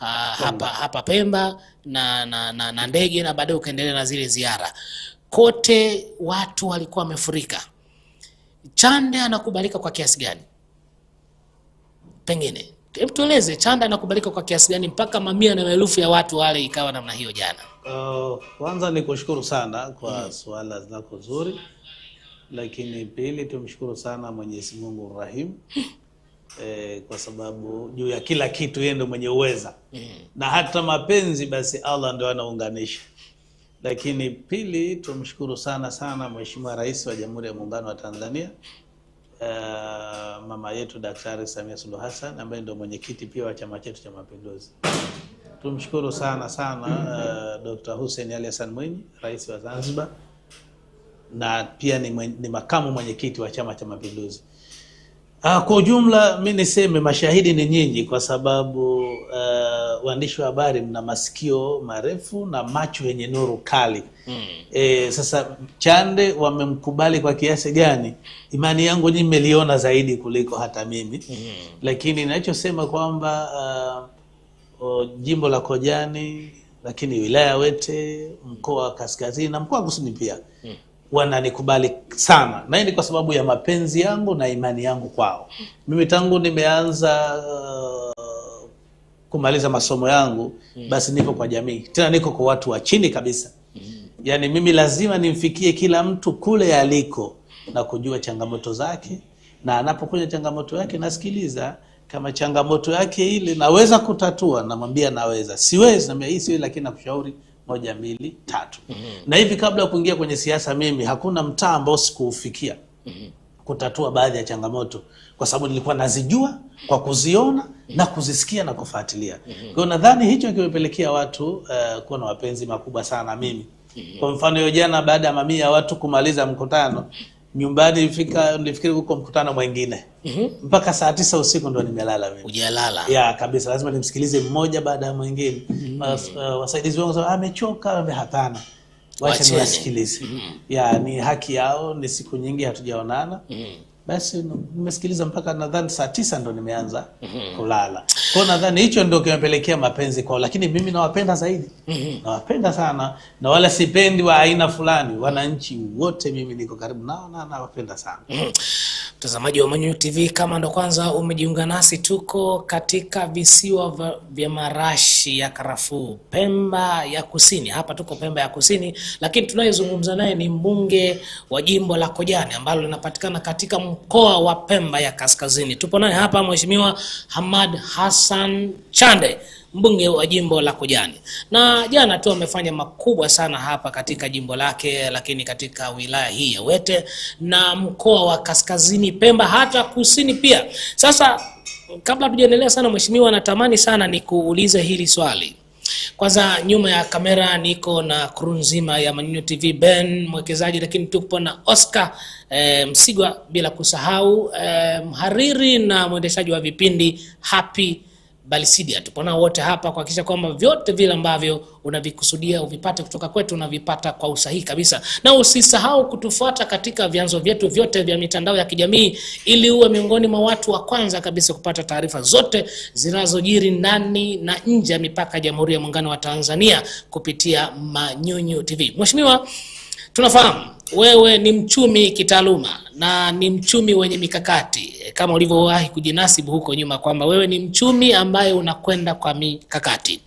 uh, hapa, hapa Pemba na, na, na, na ndege na baadaye ukaendelea na zile ziara. Kote watu walikuwa wamefurika. Chande anakubalika kwa kiasi gani? Pengine hebu tueleze, Chande anakubalika kwa kiasi gani mpaka mamia na maelfu ya watu wale ikawa namna hiyo jana? Uh, kwanza uh, ni kushukuru sana kwa -hmm. suala zako zuri, lakini pili tumshukuru sana Mwenyezi Mungu Rahim eh, kwa sababu juu ya kila kitu yeye ndo mwenye uweza mm. na hata mapenzi basi Allah ndo anaunganisha. Lakini pili, tumshukuru sana sana Mheshimiwa Rais wa Jamhuri ya Muungano wa Tanzania uh, mama yetu Daktari Samia Suluhu Hassan ambaye ndio mwenyekiti pia wa chama chetu cha Mapinduzi. Tumshukuru sana sana uh, eh, Dr. Hussein Ali Hassan Mwinyi, Rais wa Zanzibar na pia ni, mwen, ni makamu mwenyekiti wa Chama cha Mapinduzi. Ah, kwa ujumla mi niseme mashahidi ni nyinyi, kwa sababu uh, waandishi wa habari mna masikio marefu na macho yenye nuru kali mm. E, sasa Chande wamemkubali kwa kiasi gani? Imani yangu nyinyi mmeliona zaidi kuliko hata mimi mm. Lakini ninachosema kwamba uh, jimbo la Kojani, lakini wilaya Wete, mkoa wa Kaskazini na mkoa wa Kusini pia mm wananikubali sana, na hii ni kwa sababu ya mapenzi yangu na imani yangu kwao. Mimi tangu nimeanza uh, kumaliza masomo yangu mm. basi niko kwa jamii, tena niko kwa watu wa chini kabisa mm. Yaani mimi lazima nimfikie kila mtu kule aliko na kujua changamoto zake, na anapokuja changamoto yake nasikiliza kama changamoto yake ile naweza kutatua, namwambia naweza, siwezi, namwambia hii siwezi, lakini nakushauri moja mbili tatu. mm -hmm. Na hivi kabla ya kuingia kwenye siasa, mimi hakuna mtaa ambao sikuufikia mm -hmm. kutatua baadhi ya changamoto, kwa sababu nilikuwa nazijua kwa kuziona mm -hmm. na kuzisikia na kufuatilia mm -hmm. Kwa nadhani hicho kimepelekea watu uh, kuwa na wapenzi makubwa sana mimi. mm -hmm. Kwa mfano hiyo jana, baada ya mamia ya watu kumaliza mkutano nyumbani fika nilifikiri huko mkutano mwingine mm -hmm. mpaka saa tisa usiku ndo nimelala mimi. Hujalala? Ya kabisa, lazima nimsikilize mmoja baada ya mwingine. mm -hmm. Uh, wasaidizi wangu amechoka, ame hapana, wacha niwasikilize. mm -hmm. Ya ni haki yao, ni siku nyingi hatujaonana. mm -hmm basi nimesikiliza mpaka nadhani saa tisa ndo nimeanza mhm. kulala. kwao nadhani hicho ndo kimepelekea mapenzi kwao, lakini mimi nawapenda zaidi, mhm. nawapenda sana, na wala sipendi wa aina fulani. Wananchi wote mimi niko karibu nao na nawapenda sana. Mhm. Mtazamaji wa Manyunyu TV, kama ndo kwanza umejiunga nasi, tuko katika visiwa vya marashi ya karafuu, Pemba ya Kusini. Hapa tuko Pemba ya Kusini, lakini tunayezungumza naye ni mbunge wa jimbo la Kojani ambalo linapatikana katika mkoa wa Pemba ya Kaskazini. Tupo naye hapa Mheshimiwa Hamad Hassan Chande, mbunge wa jimbo la Kojani, na jana tu amefanya makubwa sana hapa katika jimbo lake, lakini katika wilaya hii ya Wete na mkoa wa Kaskazini Pemba, hata kusini pia. Sasa kabla tujaendelea sana, mheshimiwa, natamani sana nikuulize hili swali. Kwanza, nyuma ya kamera niko na crew nzima ya Manyunyu TV, Ben mwekezaji, lakini tupo na Oscar e, Msigwa, bila kusahau e, mhariri na mwendeshaji wa vipindi Happy bali sidi nao wote hapa kuhakikisha kwamba vyote vile ambavyo unavikusudia uvipate kutoka kwetu unavipata kwa usahihi kabisa, na usisahau kutufuata katika vyanzo vyetu vyote vya mitandao ya kijamii ili uwe miongoni mwa watu wa kwanza kabisa kupata taarifa zote zinazojiri ndani na nje ya mipaka ya Jamhuri ya Muungano wa Tanzania kupitia Manyunyu TV. Mheshimiwa, tunafahamu wewe ni mchumi kitaaluma na ni mchumi wenye mikakati kama ulivyowahi kujinasibu huko nyuma kwamba wewe ni mchumi ambaye unakwenda kwa mikakati.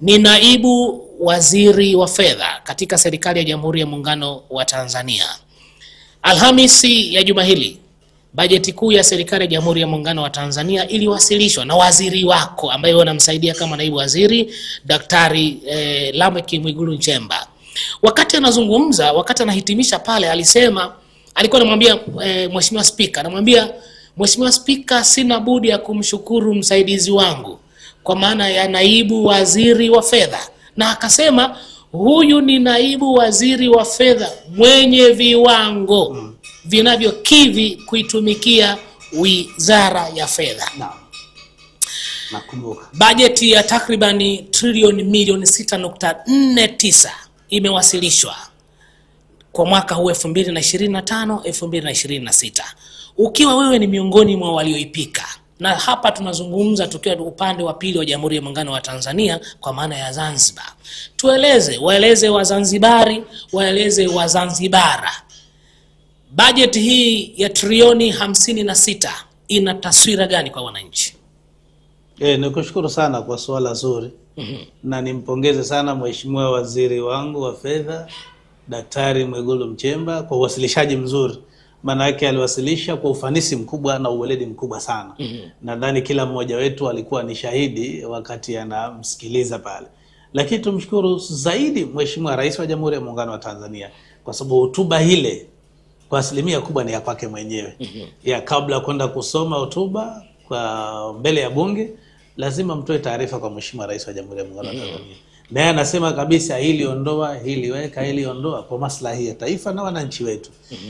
Ni naibu waziri wa fedha katika serikali ya Jamhuri ya Muungano wa Tanzania. Alhamisi ya juma hili bajeti kuu ya serikali ya Jamhuri ya Muungano wa Tanzania iliwasilishwa na waziri wako ambaye wanamsaidia kama naibu waziri, Daktari eh, Lameki Mwigulu Nchemba. Wakati anazungumza, wakati anahitimisha pale, alisema alikuwa anamwambia e, mheshimiwa spika, anamwambia mheshimiwa spika, sina budi ya kumshukuru msaidizi wangu kwa maana ya naibu waziri wa fedha, na akasema huyu ni naibu waziri wa fedha mwenye viwango mm. vinavyokidhi kuitumikia wizara ya fedha Bajeti ya takribani trilioni milioni 6.49 imewasilishwa kwa mwaka huu 2025 2026. Ukiwa wewe ni miongoni mwa walioipika, na hapa tunazungumza tukiwa upande wa pili wa Jamhuri ya Muungano wa Tanzania kwa maana ya Zanzibar, tueleze, waeleze Wazanzibari, waeleze Wazanzibara, bajeti hii ya trilioni sita ina taswira gani kwa wananchi? E, nikushukuru sana kwa suala zuri na nimpongeze sana mheshimiwa waziri wangu wa fedha Daktari Mwigulu Mchemba kwa uwasilishaji mzuri, maana yake aliwasilisha kwa ufanisi mkubwa na uweledi mkubwa sana. Nadhani kila mmoja wetu alikuwa ni shahidi wakati anamsikiliza pale, lakini tumshukuru zaidi Mheshimiwa Rais wa Jamhuri ya Muungano wa Tanzania kwa sababu hotuba ile kwa asilimia kubwa ni ya kwake mwenyewe. ya kabla kwenda kusoma hotuba kwa mbele ya Bunge lazima mtoe taarifa kwa Mheshimiwa Rais wa Jamhuri ya Muungano wa Tanzania, naye anasema kabisa hili ondoa, hili weka, hili ondoa kwa maslahi ya taifa na wananchi wetu. Mhm.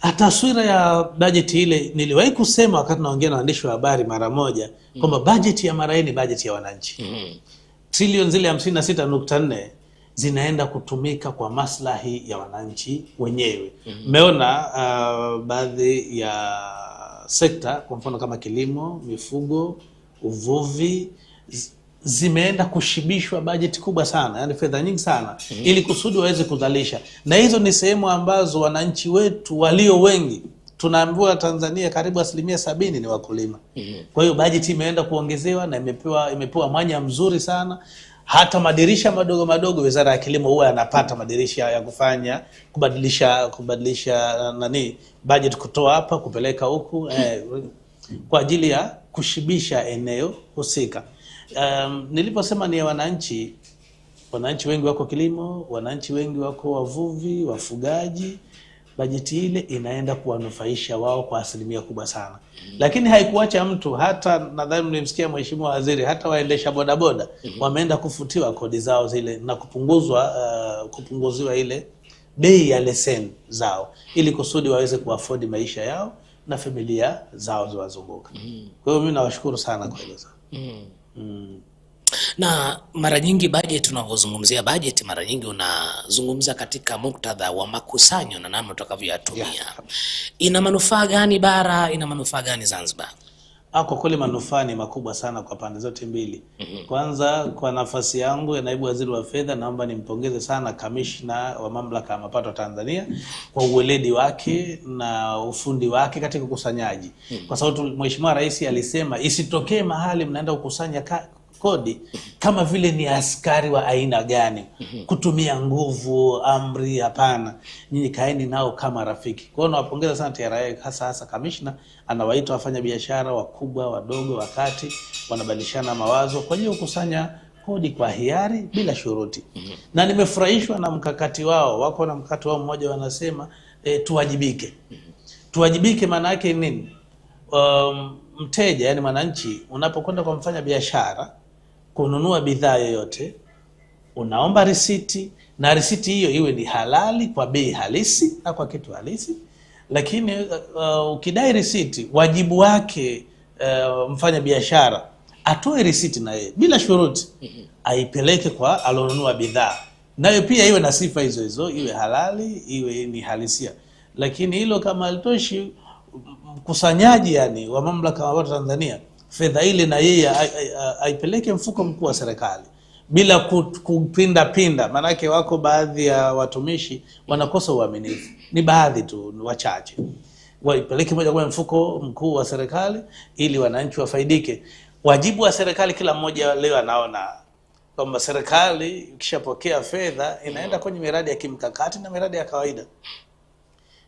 Ah, taswira ya bajeti ile niliwahi kusema wakati naongea na waandishi wa habari mara moja mhm. kwamba bajeti ya mara hii ni bajeti ya wananchi. Mhm. Trilioni zile 56.4 zinaenda kutumika kwa maslahi ya wananchi wenyewe. Mmeona uh, baadhi ya sekta kwa mfano kama kilimo, mifugo uvuvi zimeenda kushibishwa bajeti kubwa sana, yani fedha nyingi sana mm -hmm. ili kusudi waweze kuzalisha, na hizo ni sehemu ambazo wananchi wetu walio wengi tunaambiwa Tanzania karibu asilimia sabini ni wakulima mm -hmm. kwa hiyo bajeti imeenda kuongezewa na imepewa imepewa mwanya mzuri sana hata madirisha madogo madogo, wizara ya kilimo huwa yanapata madirisha ya kufanya kubadilisha kubadilisha nani budget kutoa hapa kupeleka huku eh, kwa ajili ya kushibisha eneo husika. Um, niliposema ni wananchi, wananchi wengi wako kilimo, wananchi wengi wako wavuvi, wafugaji. Bajeti ile inaenda kuwanufaisha wao kwa asilimia kubwa sana, mm. lakini haikuacha mtu hata, nadhani mlimsikia Mheshimiwa Waziri, hata waendesha bodaboda mm -hmm. wameenda kufutiwa kodi zao zile na kupunguzwa uh, kupunguziwa ile bei ya leseni zao ili kusudi waweze kuafodi maisha yao na familia zao ziwazunguka. Mm. Kwa hiyo mimi nawashukuru sana kwa hilo. Mm. Mm. Na mara nyingi bajeti, unavyozungumzia bajeti, mara nyingi unazungumza katika muktadha wa makusanyo na namna utakavyoyatumia. Yeah. Ina manufaa gani bara, ina manufaa gani Zanzibar? Ah, kwa kweli manufaa ni makubwa sana kwa pande zote mbili. Kwanza, kwa nafasi yangu ya naibu waziri wa fedha, naomba nimpongeze sana kamishna wa mamlaka ya mapato Tanzania kwa uweledi wake na ufundi wake katika ukusanyaji, mm. kwa sababu Mheshimiwa Rais alisema isitokee mahali mnaenda kukusanya kodi kama vile ni askari wa aina gani, kutumia nguvu, amri? Hapana, nyinyi kaeni nao kama rafiki. kwao nawapongeza sana TRA, hasa hasa kamishna anawaita wafanya biashara wakubwa, wadogo, wakati wanabadilishana mawazo kwa hiyo kukusanya kodi kwa hiari bila shuruti. Na nimefurahishwa na mkakati wao, wako na mkakati wao mmoja wanasema e, tuwajibike. Tuwajibike maana yake nini? Um, mteja yani mwananchi unapokwenda kwa mfanya biashara kununua bidhaa yoyote unaomba risiti, na risiti hiyo iwe ni halali kwa bei halisi na kwa kitu halisi. Lakini uh, ukidai risiti, wajibu wake uh, mfanya biashara atoe risiti na yeye bila shuruti aipeleke kwa alonunua bidhaa, nayo pia iwe na sifa hizo hizo, iwe halali, iwe ni halisia. Lakini hilo kama alitoshi, mkusanyaji yani wa mamlaka ya mapato Tanzania fedha ile na yeye aipeleke mfuko mkuu wa serikali bila kupindapinda, maanake wako baadhi ya watumishi wanakosa uaminifu, ni baadhi tu, wachache. Waipeleke moja kwa mfuko mkuu wa serikali ili wananchi wafaidike. Wajibu wa serikali, kila mmoja leo anaona kwamba serikali ikishapokea fedha inaenda kwenye miradi ya kimkakati na miradi ya kawaida.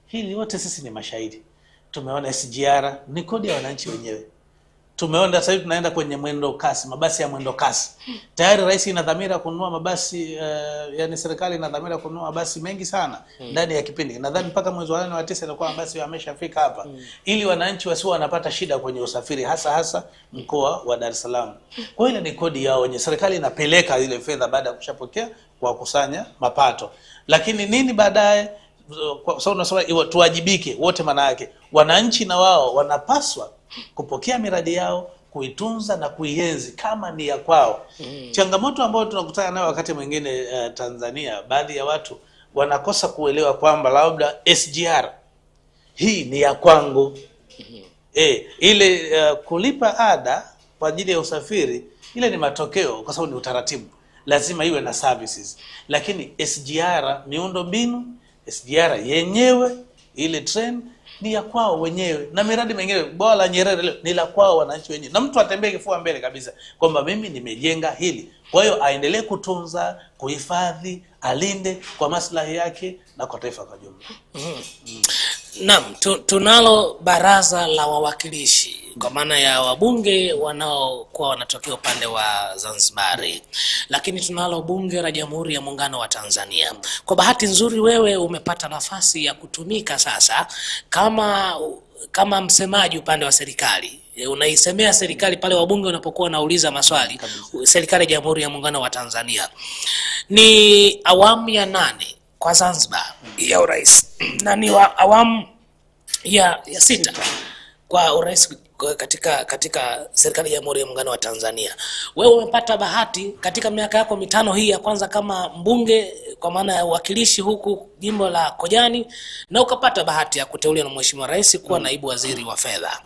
Hili wote sisi ni mashahidi, tumeona SGR ni kodi ya wananchi wenyewe tumeenda sasa hivi tunaenda kwenye mwendo kasi, mabasi ya mwendo kasi tayari. Rais ina dhamira kununua mabasi uh, yani serikali ina dhamira kununua mabasi mengi sana hmm. ndani hmm. ya kipindi, nadhani mpaka mwezi wa nane wa tisa itakuwa mabasi yameshafika hapa hmm. ili wananchi wasio wanapata shida kwenye usafiri, hasa hasa mkoa wa Dar es Salaam. Kwa hiyo ni kodi yao wenye serikali inapeleka ile fedha baada ya kushapokea kwa kusanya mapato, lakini nini baadaye kwa sababu tuwajibike wote, maana yake wananchi na wao wanapaswa kupokea miradi yao kuitunza na kuienzi kama ni ya kwao. Mm. Changamoto ambayo tunakutana nayo wakati mwingine uh, Tanzania, baadhi ya watu wanakosa kuelewa kwamba labda SGR hii ni ya kwangu. Mm. E, ile uh, kulipa ada kwa ajili ya usafiri ile ni matokeo, kwa sababu ni utaratibu, lazima iwe na services, lakini SGR miundo mbinu SGR yenyewe ile train ni ya kwao wenyewe, na miradi mengine bwawa la Nyerere leo ni la kwao wananchi wenyewe, na mtu atembee kifua mbele kabisa kwamba mimi nimejenga hili. Kwa hiyo aendelee kutunza, kuhifadhi, alinde kwa maslahi yake na kwa taifa kwa jumla. Mm-hmm. Mm -hmm. Mm. Naam, tu, tunalo baraza la wawakilishi kwa maana ya wabunge wanaokuwa wanatokea upande wa Zanzibari, lakini tunalo bunge la Jamhuri ya Muungano wa Tanzania. Kwa bahati nzuri, wewe umepata nafasi ya kutumika sasa kama kama msemaji upande wa serikali e, unaisemea serikali pale wabunge wanapokuwa wanauliza maswali. Serikali ya Jamhuri ya Muungano wa Tanzania ni awamu ya nane kwa zanzibar ya urais na ni wa awamu ya, ya sita kwa urais katika katika serikali ya Jamhuri ya Muungano wa Tanzania. Wewe umepata bahati katika miaka yako mitano hii ya kwanza kama mbunge kwa maana ya uwakilishi huku jimbo la Kojani, na ukapata bahati ya kuteuliwa na Mheshimiwa Rais kuwa naibu waziri wa fedha.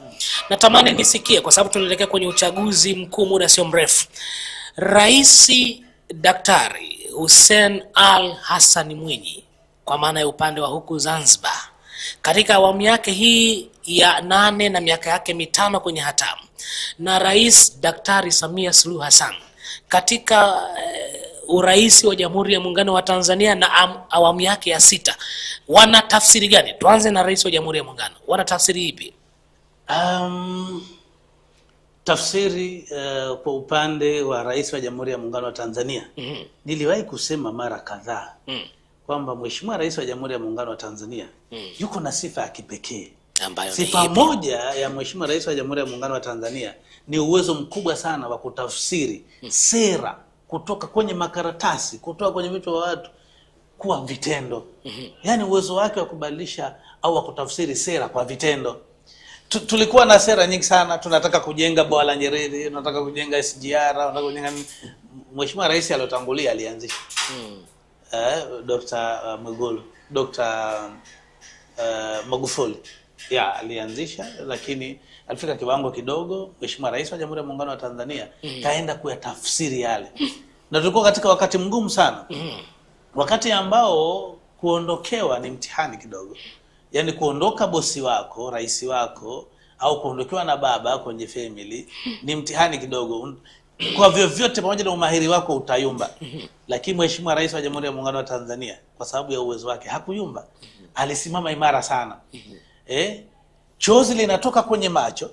Natamani nisikie, kwa sababu tunaelekea kwenye uchaguzi mkuu muda sio mrefu, Rais Daktari Hussein Al Hassan Mwinyi kwa maana ya upande wa huku Zanzibar katika awamu yake hii ya nane na miaka yake mitano kwenye hatamu na Rais Daktari Samia Suluhu Hassan katika uh, urais wa Jamhuri ya Muungano wa Tanzania na am, awamu yake ya sita wana tafsiri gani? Tuanze na rais wa Jamhuri ya Muungano, wana tafsiri ipi? um... Tafsiri uh, kwa upande wa Rais wa Jamhuri ya Muungano wa Tanzania mm -hmm. Niliwahi kusema mara kadhaa mm -hmm. kwamba Mheshimiwa Rais wa Jamhuri ya Muungano wa Tanzania mm -hmm. yuko na sifa ya kipekee. Sifa moja ya Mheshimiwa Rais wa Jamhuri ya Muungano wa Tanzania ni uwezo mkubwa sana wa kutafsiri mm -hmm. sera kutoka kwenye makaratasi, kutoka kwenye vichwa vya watu kuwa vitendo mm -hmm. yaani uwezo wake wa kubadilisha au wa kutafsiri sera kwa vitendo tulikuwa na sera nyingi sana, tunataka kujenga bwawa la Nyerere, tunataka kujenga SGR, tunataka kujenga. Mheshimiwa Rais aliyotangulia alianzisha mm. Eh, Dr. Uh, Mwigulu, Dr. uh, Magufuli ya alianzisha, lakini alifika kiwango kidogo. Mheshimiwa Rais wa Jamhuri ya Muungano wa Tanzania mm. kaenda kuyatafsiri yale, na tulikuwa katika wakati mgumu sana mm. wakati ambao kuondokewa ni mtihani kidogo yani kuondoka bosi wako, rais wako au kuondokewa na baba kwenye family ni mtihani kidogo. Kwa vyovyote, pamoja na umahiri wako utayumba, lakini Mheshimiwa Rais wa Jamhuri ya Muungano wa Tanzania kwa sababu ya uwezo wake hakuyumba, alisimama imara sana. Eh, chozi linatoka kwenye macho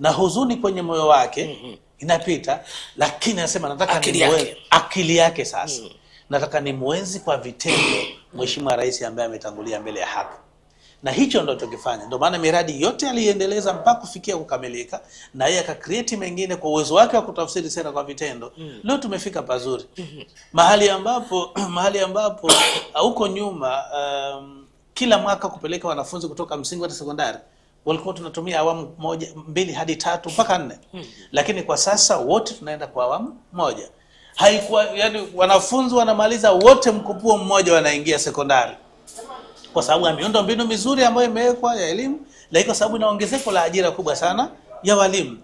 na huzuni kwenye moyo wake inapita, lakini anasema nataka akili yake, akili yake sasa nataka ni mwenzi kwa vitendo Mheshimiwa Rais ambaye ametangulia mbele ya haki na hicho ndo chokifanya. ndo maana miradi yote aliendeleza mpaka kufikia kukamilika, na yeye akakreati mengine kwa uwezo wake wa kutafsiri sera kwa vitendo. Mm. Leo tumefika pazuri mm-hmm. mahali ambapo mahali ambapo uh, huko nyuma um, kila mwaka kupeleka wanafunzi kutoka msingi hadi sekondari walikuwa tunatumia awamu moja, mbili hadi tatu mpaka nne. Mm. Lakini kwa sasa wote tunaenda kwa awamu moja. Haikuwa yani, wanafunzi wanamaliza wote mkupuo mmoja wanaingia sekondari kwa sababu ya miundo mbinu mizuri ambayo imewekwa ya elimu, lakini kwa sababu na ongezeko la ajira kubwa sana ya walimu.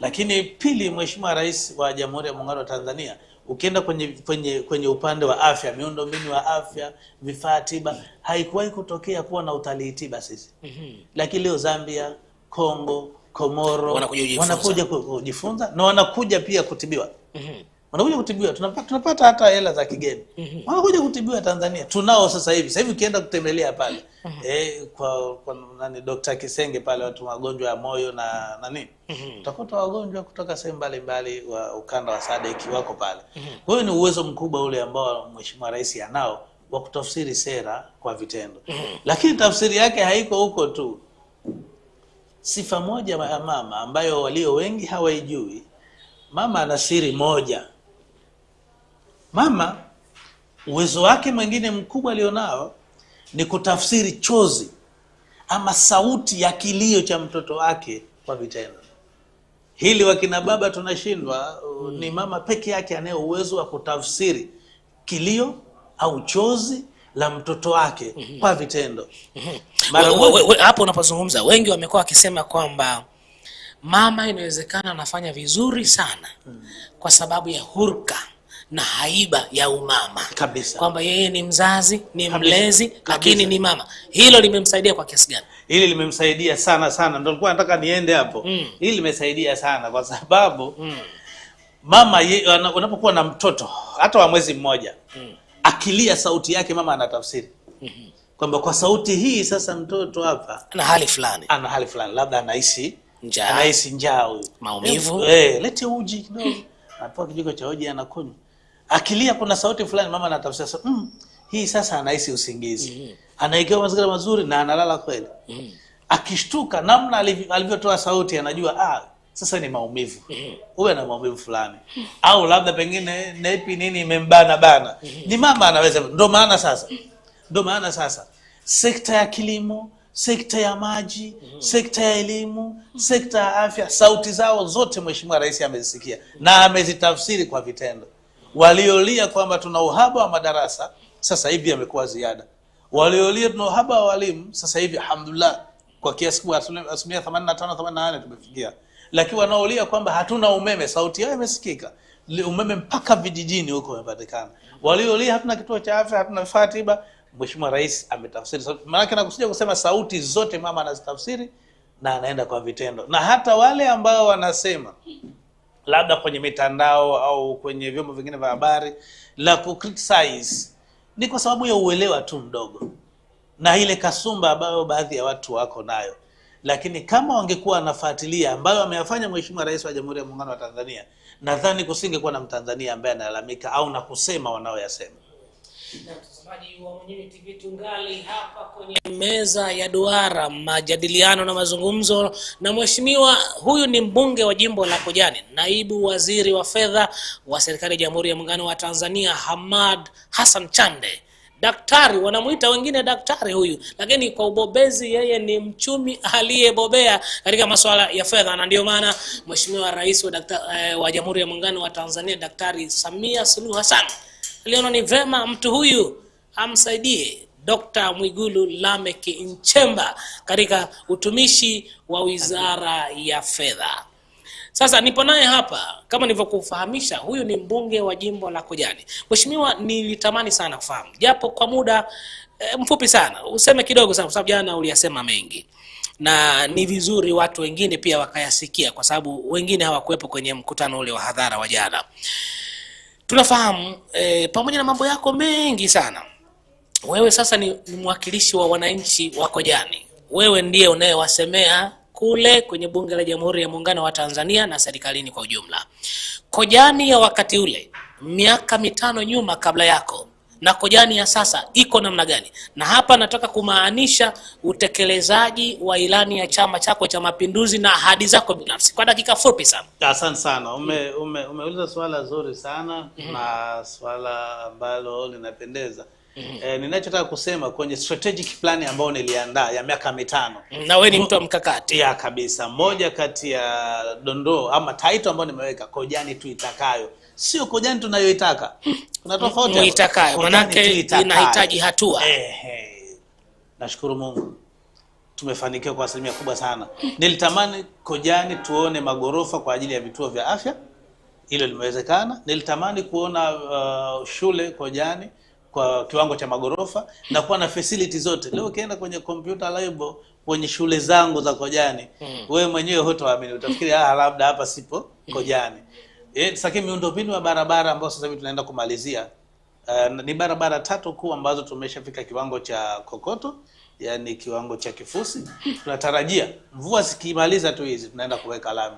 Lakini pili, Mheshimiwa Rais wa Jamhuri ya Muungano wa Tanzania, ukienda kwenye, kwenye, kwenye upande wa afya, miundo mbinu ya afya, vifaa tiba, haikuwahi kutokea kuwa na utalii tiba sisi, mhm. lakini leo Zambia, Kongo, Komoro wanakuja kujifunza na wanakuja pia kutibiwa. Mhm wanakuja kutibiwa, tunapata tunapata hata hela za kigeni mm -hmm. wanakuja kutibiwa Tanzania, tunao sasa hivi. Sasa hivi ukienda kutembelea pale mm -hmm. eh, kwa, kwa nani Dr. Kisenge pale, watu wagonjwa ya moyo na nani mm -hmm. utakuta wagonjwa kutoka sehemu mbalimbali wa ukanda wa Sadeki wako pale mm -hmm. kwa hiyo ni uwezo mkubwa ule ambao mheshimiwa rais anao wa kutafsiri sera kwa vitendo mm -hmm. lakini tafsiri yake haiko huko tu. Sifa moja ya mama ambayo walio wengi hawaijui, mama ana siri moja Mama uwezo wake mwingine mkubwa alionao ni kutafsiri chozi ama sauti ya kilio cha mtoto wake kwa vitendo. Hili wakina baba tunashindwa. Mm. Ni mama peke yake anaye uwezo wa kutafsiri kilio au chozi la mtoto wake -hmm. kwa vitendo hmm. hapo. Unapozungumza wengi wamekuwa wakisema kwamba mama inawezekana anafanya vizuri sana hmm. kwa sababu ya hurka na haiba ya umama kabisa, kwamba yeye ni mzazi ni kabisa. mlezi kabisa, lakini ni mama. Hilo limemsaidia kwa kiasi gani? Hili limemsaidia sana sana, ndio nilikuwa nataka niende hapo mm. Hili limesaidia sana kwa sababu mm. mama unapokuwa na mtoto hata wa mwezi mmoja mm. akilia, sauti yake mama anatafsiri mm -hmm. kwamba kwa sauti hii sasa mtoto hapa ana hali fulani, ana hali fulani, labda anahisi njaa, anaishi njaa, huyu maumivu, eh, lete uji kidogo, no. anapewa kijiko cha uji anakunywa akilia, kuna sauti fulani, mama anatafsiri sasa, mm, hii sasa anahisi usingizi mm -hmm. anawekewa mazingira mazuri na analala kweli mm -hmm. akishtuka, namna alivyotoa sauti, anajua ah, sasa ni maumivu mm -hmm. uwe na maumivu fulani mm au labda pengine nepi nini imembana bana mm ni mama anaweza, ndo maana sasa ndo maana sasa sekta ya kilimo sekta ya maji mm sekta ya elimu sekta ya afya, sauti zao zote Mheshimiwa Rais amezisikia na amezitafsiri kwa vitendo waliolia kwamba tuna uhaba wa madarasa sasa hivi yamekuwa ziada, waliolia tuna uhaba wa walimu sasa hivi alhamdulillah, kwa kiasi kubwa asilimia 85 88 tumefikia, lakini wanaolia kwamba hatuna umeme, sauti yao imesikika. Umeme mpaka vijijini huko umepatikana. Waliolia hatuna kituo cha afya, hatuna vifaa tiba, mweshimua Rais ametafsiri sauti. Maana kusema sauti zote mama anazitafsiri na anaenda kwa vitendo, na hata wale ambao wanasema labda kwenye mitandao au kwenye vyombo vingine vya habari la ku criticize ni kwa sababu ya uelewa tu mdogo na ile kasumba ambayo baadhi ya watu wako nayo, lakini kama wangekuwa wanafuatilia ambayo ameyafanya Mheshimiwa Rais wa Jamhuri ya Muungano wa Tanzania, nadhani kusingekuwa na Mtanzania ambaye analalamika au na kusema wanaoyasema mtazamaji wa TV, tungali hapa kwenye meza ya duara, majadiliano na mazungumzo na mheshimiwa huyu. Ni mbunge wa jimbo la Kojani, naibu waziri wa fedha wa serikali ya Jamhuri ya Muungano wa Tanzania, Hamad Hassan Chande. Daktari wanamuita wengine daktari huyu, lakini kwa ubobezi yeye ni mchumi aliyebobea katika masuala ya fedha, na ndio maana mheshimiwa rais wa, eh, wa Jamhuri ya Muungano wa Tanzania Daktari Samia Suluhu Hassan aliona ni vema mtu huyu amsaidie Dr. Mwigulu Lameck Nchemba katika utumishi wa Wizara ya Fedha. Sasa nipo naye hapa kama nilivyokufahamisha, huyu ni mbunge wa jimbo la Kojani. Mheshimiwa, nilitamani sana kufahamu japo kwa muda e, mfupi sana, useme kidogo sana, kwa sababu jana uliyasema mengi na ni vizuri watu wengine pia wakayasikia, kwa sababu wengine hawakuwepo kwenye mkutano ule wa hadhara wa jana. Tunafahamu e, pamoja na mambo yako mengi sana wewe sasa ni, ni mwakilishi wa wananchi wa Kojani. Wewe ndiye unayewasemea kule kwenye bunge la Jamhuri ya Muungano wa Tanzania na serikalini kwa ujumla. Kojani ya wakati ule miaka mitano nyuma kabla yako na Kojani ya sasa iko namna gani? Na hapa nataka kumaanisha utekelezaji wa ilani ya chama chako cha Mapinduzi na ahadi zako binafsi, kwa dakika fupi sana. Asante sana, umeuliza ume, umeuliza swala zuri sana mm -hmm. na swala ambalo linapendeza E, ninachotaka kusema kwenye strategic plan ambayo niliandaa ya miaka mitano, na wewe ni mtu wa mkakati ya kabisa. Moja kati ya dondoo ama title ambayo nimeweka Kojani tuitakayo, sio Kojani tunayoitaka. Kuna tofauti manake inahitaji hatua. Ehe, nashukuru Mungu tumefanikiwa kwa asilimia kubwa sana. Nilitamani Kojani tuone magorofa kwa ajili ya vituo vya afya, hilo limewezekana. Nilitamani kuona uh, shule Kojani kwa kiwango cha magorofa na kuwa na facility zote. Leo ukienda kwenye computer lab kwenye shule zangu za Kojani mm. wewe mwenyewe hutoamini, utafikiri ah, labda hapa sipo Kojani eh. Sasa miundombinu ya barabara ambayo sasa hivi tunaenda kumalizia, uh, ni barabara tatu kuu ambazo tumeshafika kiwango cha kokoto yani kiwango cha kifusi. Tunatarajia mvua zikimaliza tu hizi tunaenda kuweka lami.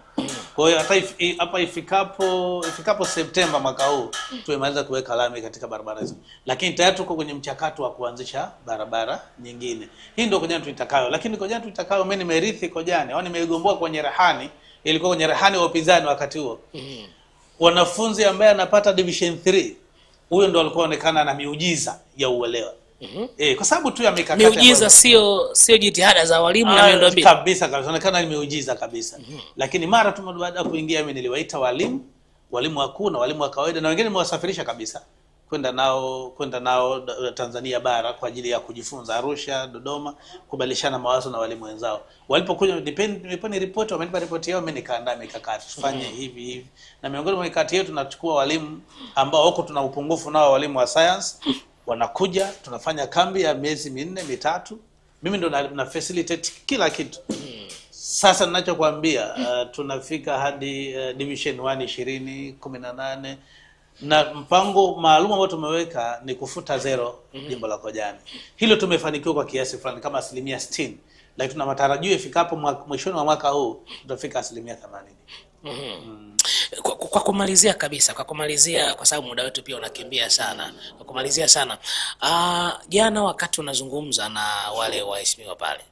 Kwa hiyo hata hapa ifikapo ifikapo Septemba mwaka huu tumemaliza kuweka lami katika barabara hizo, lakini tayari tuko kwenye mchakato wa kuanzisha barabara nyingine. Hii ndio Kojani tuitakayo, lakini Kojani tuitakayo mimi nimerithi Kojani au nimeigomboa kwenye rehani, ilikuwa kwenye rehani wa upinzani wakati huo. Mm-hmm. Wanafunzi ambaye anapata division 3 huyo ndo alikuwa onekana na miujiza ya uelewa mm -hmm. E, kwa sababu tu ya mikakati miujiza, sio sio jitihada za walimu na ah, miundombinu kabisa kabisa, inaonekana ni miujiza kabisa mm -hmm. Lakini mara tu baada ya kuingia mimi niliwaita walimu walimu wakuu na walimu wa kawaida na wengine nimewasafirisha kabisa kwenda nao kwenda nao Tanzania bara kwa ajili ya kujifunza Arusha, Dodoma, kubadilishana mawazo na walimu wenzao. Walipokuja nipeni ripoti, wamenipa report yao, mimi nikaandaa mikakati tufanye mm -hmm. hivi hivi, na miongoni mwa mikakati yetu tunachukua walimu ambao huko tuna upungufu nao, walimu wa science wanakuja, tunafanya kambi ya miezi minne mitatu, mimi ndo na, na facilitate kila kitu. Sasa ninachokwambia uh, tunafika hadi uh, division 1 20 18 na mpango maalum ambao tumeweka ni kufuta zero jimbo la Kojani. Hilo tumefanikiwa kwa kiasi fulani kama asilimia sitini, lakini tuna matarajio ifikapo mwishoni mwa mwaka huu tutafika asilimia themanini mm Kwa, kwa kumalizia kabisa, kwa kumalizia, kwa sababu muda wetu pia unakimbia sana, kwa kumalizia sana, ah, jana wakati unazungumza na wale waheshimiwa pale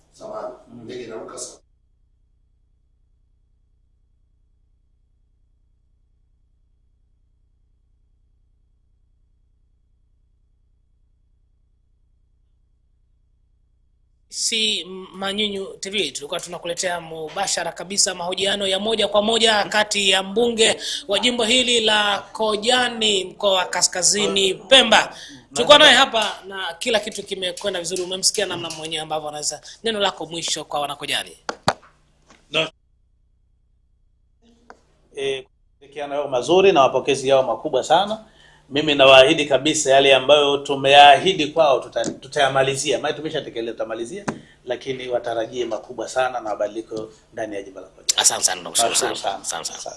si Manyunyu TV tulikuwa tunakuletea mubashara kabisa mahojiano ya moja kwa moja kati ya mbunge wa jimbo hili la Kojani mkoa wa Kaskazini Pemba. Tulikuwa naye hapa na kila kitu kimekwenda vizuri, umemsikia namna mwenyewe ambavyo anaweza. Neno lako mwisho kwa wanakojani eh, kushirikiana yao mazuri na mapokezi yao makubwa sana mimi nawaahidi kabisa yale ambayo tumeahidi kwao tutayamalizia, maana tumeshatekeleza, tutamalizia, lakini watarajie makubwa sana na mabadiliko ndani ya jimbo la Kojani. Asante sana asante sana.